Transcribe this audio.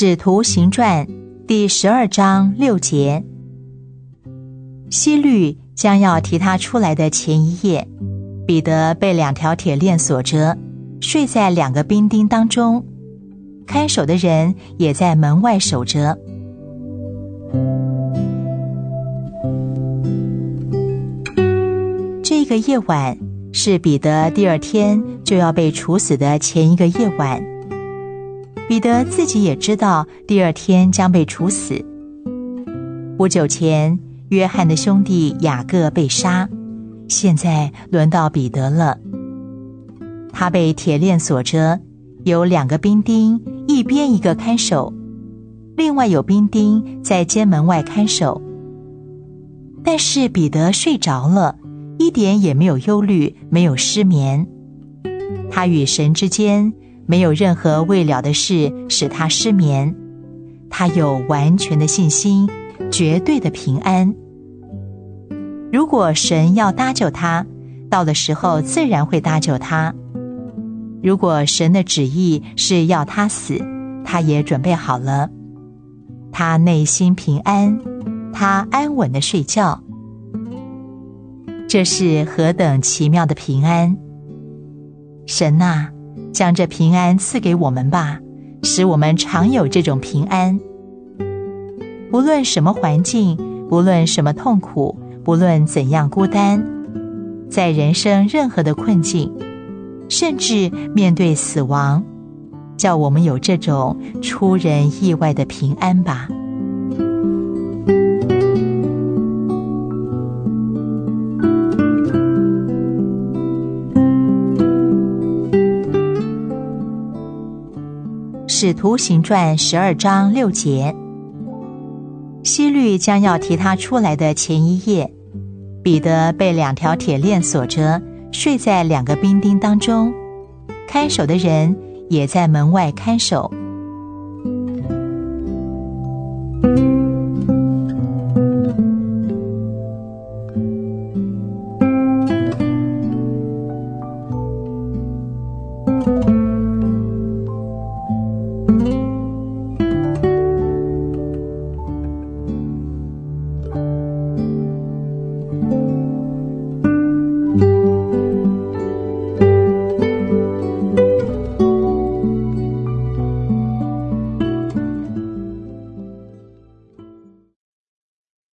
《使徒行傳》第十二章六節：希律將要提他出來的前一夜，彼得被兩條鐵鏈鎖着，睡在兩個兵丁當中，看守的人也在門外守着。這個夜晚是彼得第二天就要被處死的前一個夜晚。彼得自己也知道，第二天將被處死。不久前，約翰的兄弟雅各被殺，現在輪到彼得了。他被鐵鏈鎖着，有兩個兵丁，一邊一個看守，另外有兵丁在監門外看守。但是彼得睡着了，一點也沒有憂慮，沒有失眠。他與神之間。沒有任何未了的事使他失眠，他有完全的信心，絕對的平安。如果神要搭救他，到的時候自然會搭救他；如果神的旨意是要他死，他也準備好了。他內心平安，他安穩的睡覺。這是何等奇妙的平安！神哪、啊！將這平安賜給我們吧，使我們常有這種平安。無論什麼環境，不論什麼痛苦，不論怎樣孤單，在人生任何的困境，甚至面對死亡，叫我們有這種出人意外的平安吧。使徒行傳十二章六節。希律將要提他出來的前一夜，彼得被兩條鐵鏈鎖着，睡在兩個兵丁當中，看守的人也在門外看守。